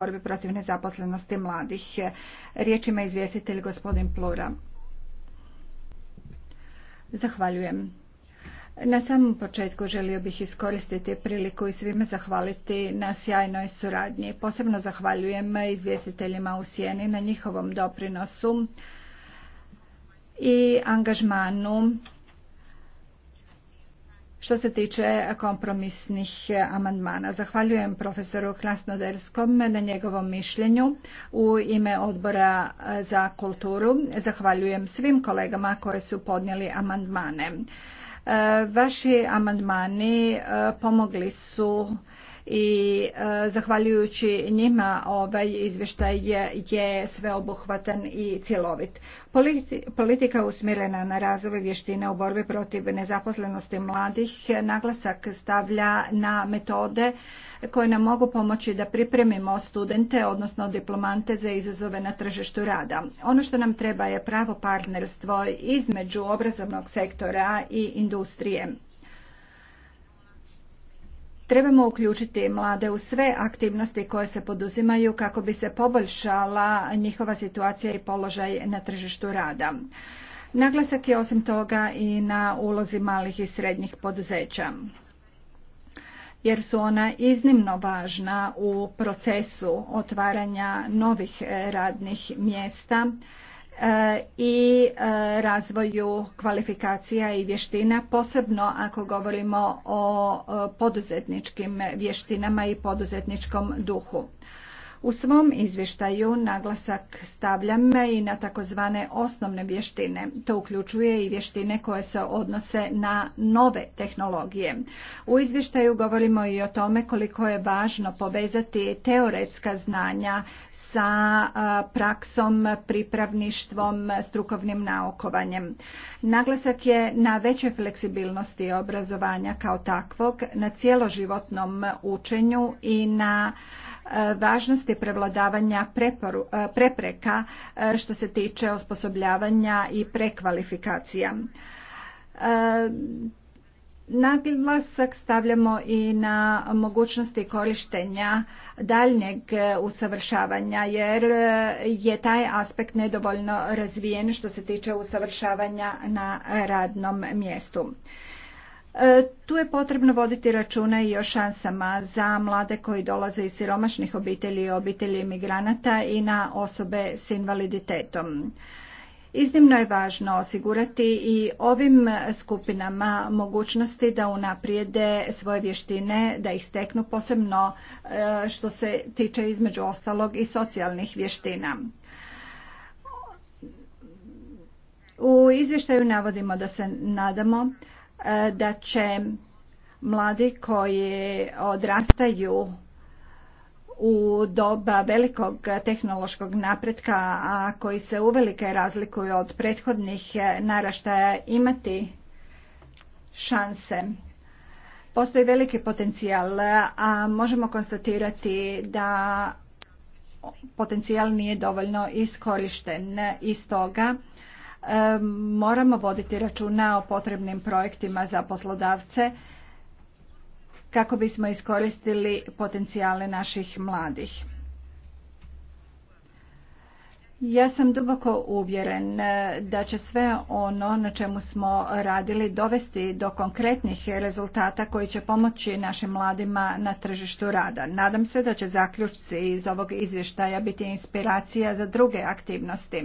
borbi protiv nezaposlenosti mladih. Riječ ima izvjestitelj gospodin Plura. Zahvaljujem. Na samom početku želio bih iskoristiti priliku i svima zahvaliti na sjajnoj suradnji. Posebno zahvaljujem izvjestiteljima u Sjeni na njihovom doprinosu i angažmanu što se tiče kompromisnih amandmana. Zahvaljujem profesoru Krasnoderskom na njegovom mišljenju u ime odbora za kulturu. Zahvaljujem svim kolegama koje su podnijeli amandmane. E, vaši amandmani e, pomogli su i e, zahvaljujući njima ovaj izvještaj je sveobuhvatan i cjelovit. Politika usmjerena na razvoj vještine u borbi protiv nezaposlenosti mladih naglasak stavlja na metode koje nam mogu pomoći da pripremimo studente, odnosno diplomante za izazove na tržištu rada. Ono što nam treba je pravo partnerstvo između obrazovnog sektora i industrije. Trebamo uključiti mlade u sve aktivnosti koje se poduzimaju kako bi se poboljšala njihova situacija i položaj na tržištu rada. Naglasak je osim toga i na ulozi malih i srednjih poduzeća jer su ona iznimno važna u procesu otvaranja novih radnih mjesta i e, razvoju kvalifikacija i vještina, posebno ako govorimo o e, poduzetničkim vještinama i poduzetničkom duhu. U svom izvještaju naglasak stavljam i na takozvane osnovne vještine. To uključuje i vještine koje se odnose na nove tehnologije. U izvještaju govorimo i o tome koliko je važno povezati teoretska znanja sa praksom, pripravništvom, strukovnim naukovanjem. Naglasak je na većoj fleksibilnosti obrazovanja kao takvog, na cjeloživotnom učenju i na važnosti prevladavanja prepreka što se tiče osposobljavanja i prekvalifikacija Naglasak stavljamo i na mogućnosti korištenja daljnjeg usavršavanja jer je taj aspekt nedovoljno razvijen što se tiče usavršavanja na radnom mjestu. E, tu je potrebno voditi računa i o šansama za mlade koji dolaze iz siromašnih obitelji i obitelji imigranata i na osobe s invaliditetom. Iznimno je važno osigurati i ovim skupinama mogućnosti da unaprijede svoje vještine, da ih steknu posebno e, što se tiče između ostalog i socijalnih vještina. U izvještaju navodimo da se nadamo e, da će mladi koji odrastaju u doba velikog tehnološkog napretka, a koji se uvelike razlikuju od prethodnih e, naraštaja, imati šanse. Postoji veliki potencijal, a možemo konstatirati da potencijal nije dovoljno iskorišten. I toga e, moramo voditi računa o potrebnim projektima za poslodavce kako bismo iskoristili potencijale naših mladih. Ja sam duboko uvjeren e, da će sve ono na čemu smo radili dovesti do konkretnih rezultata koji će pomoći našim mladima na tržištu rada. Nadam se da će zaključci iz ovog izvještaja biti inspiracija za druge aktivnosti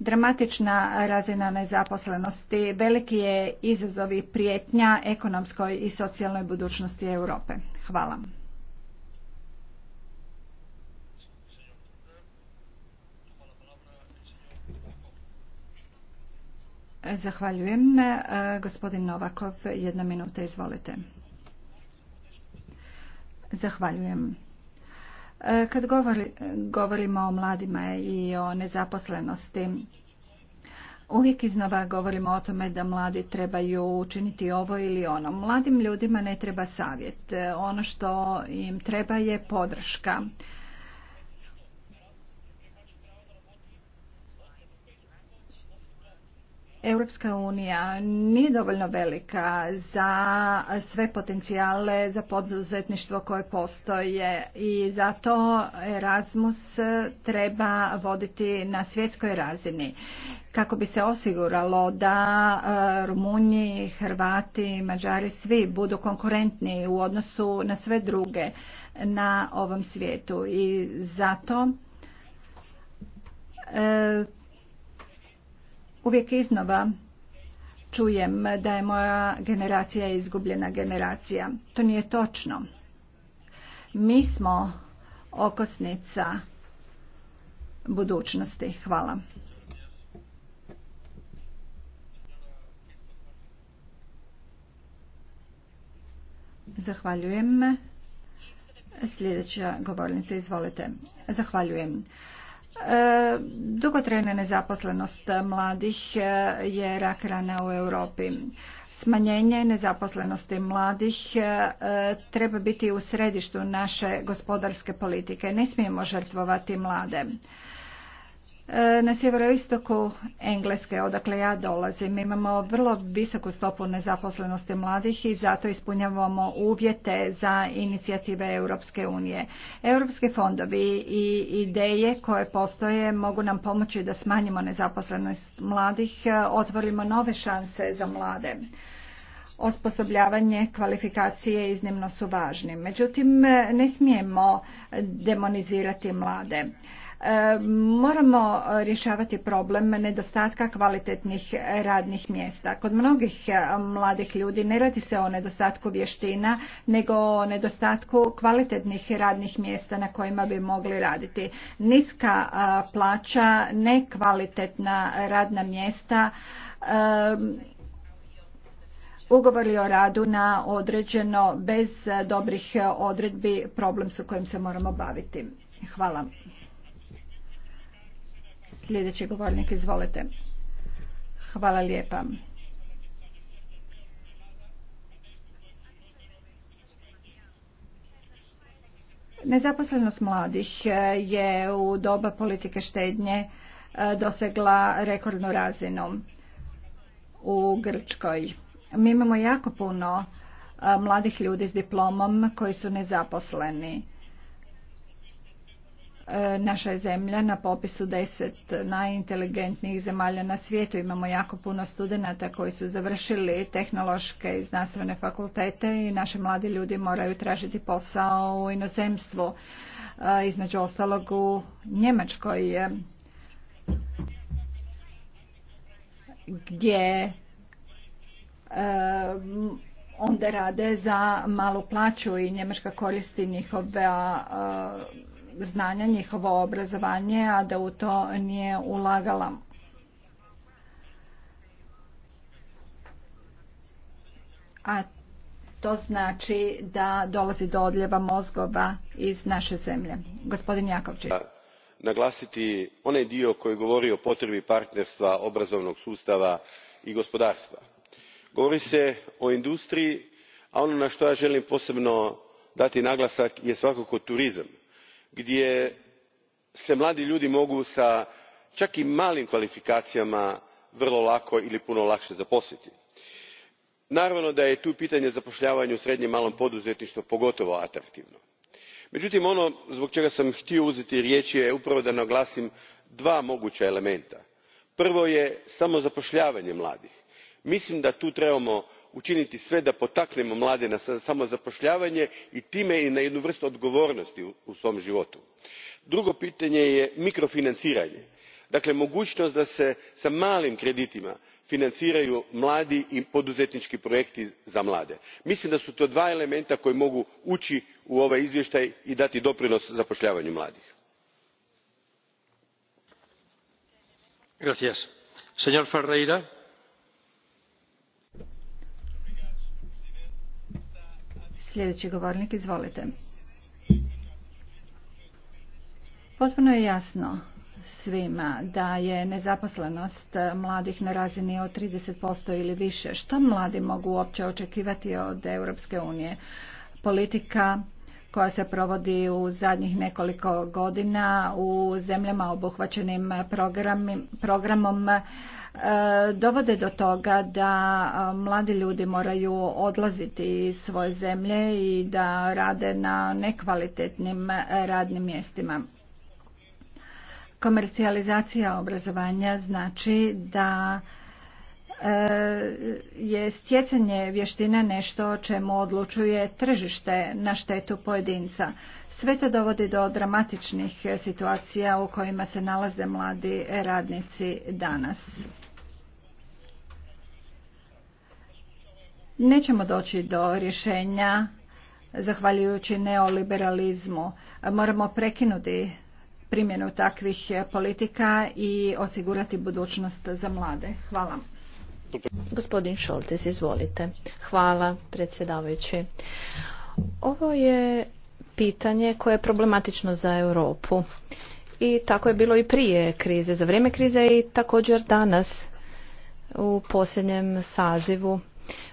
dramatična razina nezaposlenosti, veliki je izazovi prijetnja ekonomskoj i socijalnoj budućnosti Europe. Hvala. Zahvaljujem. E, gospodin Novakov, jedna minuta, izvolite. Zahvaljujem. Kad govorimo o mladima i o nezaposlenosti, uvijek iznova govorimo o tome da mladi trebaju učiniti ovo ili ono. Mladim ljudima ne treba savjet. Ono što im treba je podrška. Europska unija nije dovoljno velika za sve potencijale za poduzetništvo koje postoje i zato Erasmus treba voditi na svjetskoj razini kako bi se osiguralo da e, Rumunji, Hrvati, Mađari, svi budu konkurentni u odnosu na sve druge na ovom svijetu i zato e, Uvijek iznova čujem da je moja generacija izgubljena generacija. To nije točno. Mi smo okosnica budućnosti. Hvala. Zahvaljujem. Sljedeća govornica, izvolite. Zahvaljujem. E, dugotrajna nezaposlenost mladih e, je rak rana u Europi. Smanjenje nezaposlenosti mladih e, treba biti u središtu naše gospodarske politike. Ne smijemo žrtvovati mlade. E, na sjeveroistoku Engleske, odakle ja dolazim, imamo vrlo visoku stopu nezaposlenosti mladih i zato ispunjavamo uvjete za inicijative Europske unije. Europski fondovi i ideje koje postoje mogu nam pomoći da smanjimo nezaposlenost mladih, e, otvorimo nove šanse za mlade osposobljavanje, kvalifikacije iznimno su važni. Međutim, ne smijemo demonizirati mlade. E, moramo e, rješavati problem nedostatka kvalitetnih radnih mjesta. Kod mnogih e, mladih ljudi ne radi se o nedostatku vještina, nego o nedostatku kvalitetnih radnih mjesta na kojima bi mogli raditi. Niska plaća, nekvalitetna radna mjesta, ugovori o radu na određeno bez dobrih odredbi problem su kojim se moramo baviti. Hvala. Sljedeći govornik, izvolite. Hvala lijepa. Nezaposlenost mladih e, je u doba politike štednje e, dosegla rekordnu razinu u Grčkoj. Mi imamo jako puno e, mladih ljudi s diplomom koji su nezaposleni. E, naša je zemlja na popisu deset najinteligentnijih zemalja na svijetu. Imamo jako puno studenata koji su završili tehnološke i znanstvene fakultete i naši mladi ljudi moraju tražiti posao u inozemstvu. E, između ostalog u Njemačkoj gdje e, onda rade za malu plaću i Njemačka koristi njihove znanja, njihovo obrazovanje, a da u to nije ulagala. A to znači da dolazi do odljeva mozgova iz naše zemlje. Gospodin Jakovčić. Naglasiti onaj dio koji govori o potrebi partnerstva obrazovnog sustava i gospodarstva. Govori se o industriji, a ono na što ja želim posebno dati naglasak je svakako turizam gdje se mladi ljudi mogu čak i malim kvalifikacijama vrlo lako ili puno lakše zaposliti. naravno da je tu pitanje zapošljavanja u srednjem i malom poduzetništvu pogotovo atraktivno. međutim ono zbog čega sam htio uzeti riječ je upravo da naglasim dva moguća elementa. prvo je samozapošljavanje mladih. mislim da tu trebamo učiniti sve da potaknemo mlade na samozapošljavanje i time i na jednu vrstu odgovornosti u svom životu. drugo pitanje je mikrofinanciranje dakle mogućnost da se s malim kreditima financiraju mladi i poduzetnički projekti za mlade. mislim da su to dva elementa koji mogu ući u ovaj izvještaj i dati doprinos zapošljavanju mladih. Sljedeći govornik, izvolite. Potpuno je jasno svima da je nezaposlenost mladih na razini od 30% ili više. Što mladi mogu uopće očekivati od Europske unije? Politika koja se provodi u zadnjih nekoliko godina u zemljama obuhvaćenim programom e, dovode do toga da e, mladi ljudi moraju odlaziti iz svoje zemlje i da rade na nekvalitetnim radnim mjestima. Komercijalizacija obrazovanja znači da je stjecanje vještina nešto o čemu odlučuje tržište na štetu pojedinca. Sve to dovodi do dramatičnih situacija u kojima se nalaze mladi radnici danas. Nećemo doći do rješenja zahvaljujući neoliberalizmu. Moramo prekinuti primjenu takvih politika i osigurati budućnost za mlade. Hvala. Gospodin Šoltes, izvolite. Hvala, predsjedavajući. Ovo je pitanje koje je problematično za Europu. I tako je bilo i prije krize, za vrijeme krize i također danas u posljednjem sazivu.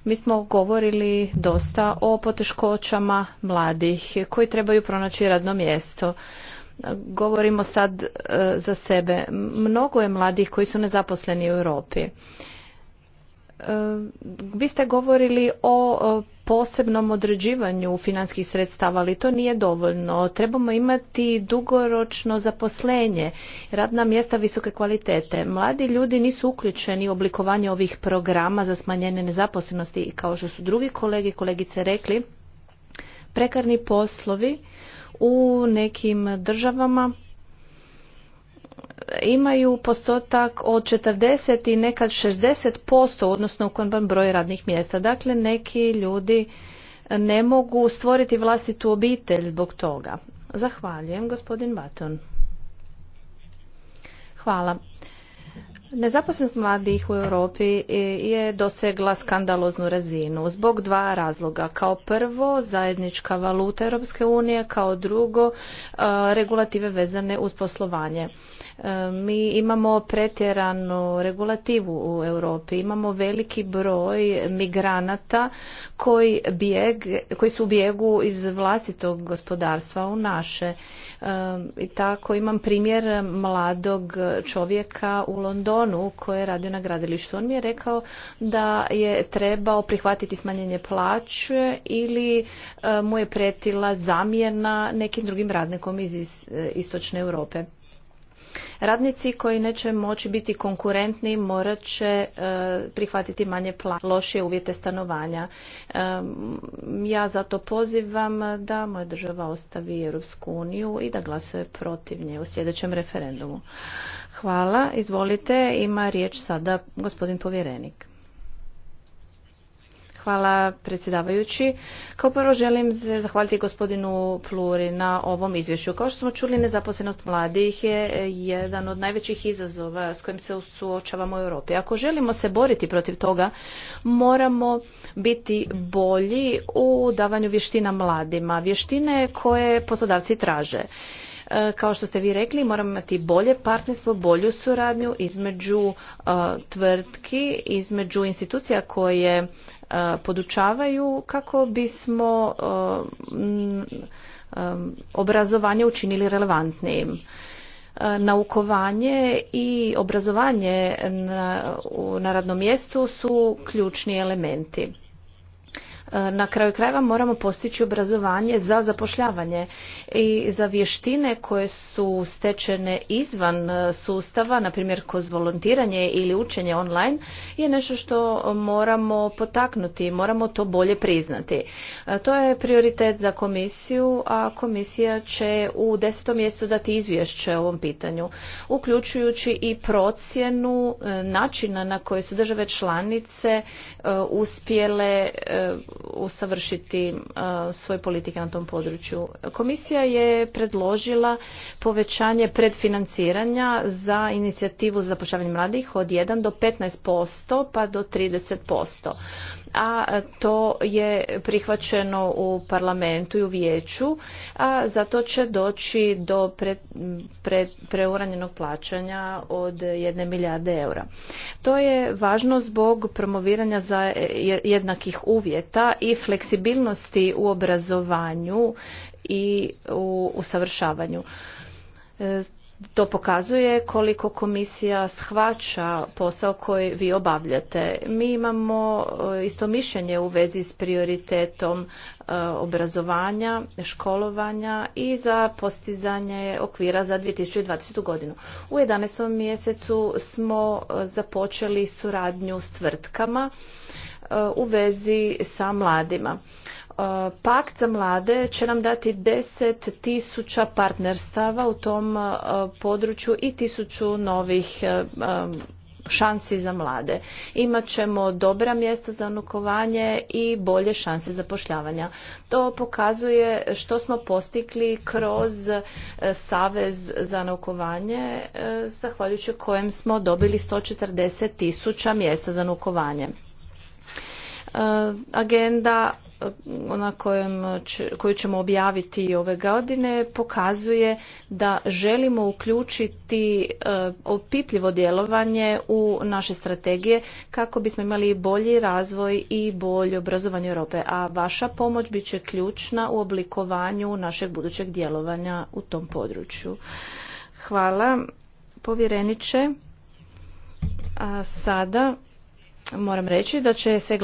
Mi smo govorili dosta o poteškoćama mladih koji trebaju pronaći radno mjesto. Govorimo sad e, za sebe. Mnogo je mladih koji su nezaposleni u Europi vi ste govorili o posebnom određivanju financijskih sredstava, ali to nije dovoljno. Trebamo imati dugoročno zaposlenje, radna mjesta visoke kvalitete. Mladi ljudi nisu uključeni u oblikovanje ovih programa za smanjenje nezaposlenosti i kao što su drugi kolegi i kolegice rekli, prekarni poslovi u nekim državama imaju postotak od 40 i nekad 60% odnosno ukupan broj radnih mjesta. Dakle, neki ljudi ne mogu stvoriti vlastitu obitelj zbog toga. Zahvaljujem, gospodin Baton. Hvala. Nezaposlenost mladih u Europi je dosegla skandaloznu razinu zbog dva razloga. Kao prvo, zajednička valuta Europske unije, kao drugo, e, regulative vezane uz poslovanje. E, mi imamo pretjeranu regulativu u Europi, imamo veliki broj migranata koji, bijeg, koji su u bijegu iz vlastitog gospodarstva u naše. E, I tako imam primjer mladog čovjeka u Londonu koji je radio na gradilištu. On mi je rekao da je trebao prihvatiti smanjenje plaće ili e, mu je pretila zamjena nekim drugim radnikom iz istočne Europe. Radnici koji neće moći biti konkurentni morat će e, prihvatiti manje plan, lošije uvjete stanovanja. E, ja zato pozivam da moja država ostavi Europsku uniju i da glasuje protiv nje u sljedećem referendumu. Hvala. Izvolite, ima riječ sada gospodin povjerenik. Hvala predsjedavajući. Kao prvo želim se zahvaliti gospodinu Pluri na ovom izvješću. Kao što smo čuli, nezaposlenost mladih je e, jedan od najvećih izazova s kojim se suočavamo u Europi. Ako želimo se boriti protiv toga, moramo biti bolji u davanju vještina mladima, vještine koje poslodavci traže. E, kao što ste vi rekli, moramo imati bolje partnerstvo, bolju suradnju između e, tvrtki, između institucija koje e, podučavaju kako bismo obrazovanje učinili relevantnijim naukovanje i obrazovanje na, na radnom mjestu su ključni elementi na kraju krajeva moramo postići obrazovanje za zapošljavanje i za vještine koje su stečene izvan e, sustava, na primjer kroz volontiranje ili učenje online, je nešto što moramo potaknuti, moramo to bolje priznati. E, to je prioritet za komisiju, a komisija će u desetom mjestu dati izvješće o ovom pitanju, uključujući i procjenu e, načina na koje su države članice uspjele usavršiti svoje politike na tom području. Komisija je predložila povećanje predfinanciranja za inicijativu za zapošljavanje mladih od 1 do 15% pa do 30% a to je prihvaćeno u parlamentu i u vijeću, a zato će doći do preuranjenog plaćanja od jedne milijarde eura. To je važno zbog promoviranja za jednakih uvjeta i fleksibilnosti u obrazovanju i u usavršavanju e, to pokazuje koliko komisija shvaća posao koji vi obavljate. Mi imamo e, isto mišljenje u vezi s prioritetom e, obrazovanja, školovanja i za postizanje okvira za 2020. godinu. U 11. mjesecu smo e, započeli suradnju s tvrtkama u vezi sa mladima. E, pakt za mlade će nam dati 10 partnerstava u tom e, području i tisuću novih e, šansi za mlade. Imaćemo dobra mjesta za nukovanje i bolje šanse zapošljavanja. To pokazuje što smo postigli kroz Savez za nukovanje, zahvaljujući kojem smo dobili 140 tisuća mjesta za nukovanje agenda ona koju ćemo objaviti ove godine pokazuje da želimo uključiti e, opipljivo djelovanje u naše strategije kako bismo imali bolji razvoj i bolje obrazovanje Europe, a vaša pomoć bit će ključna u oblikovanju našeg budućeg djelovanja u tom području. Hvala povjereniče. A sada moram reći da će se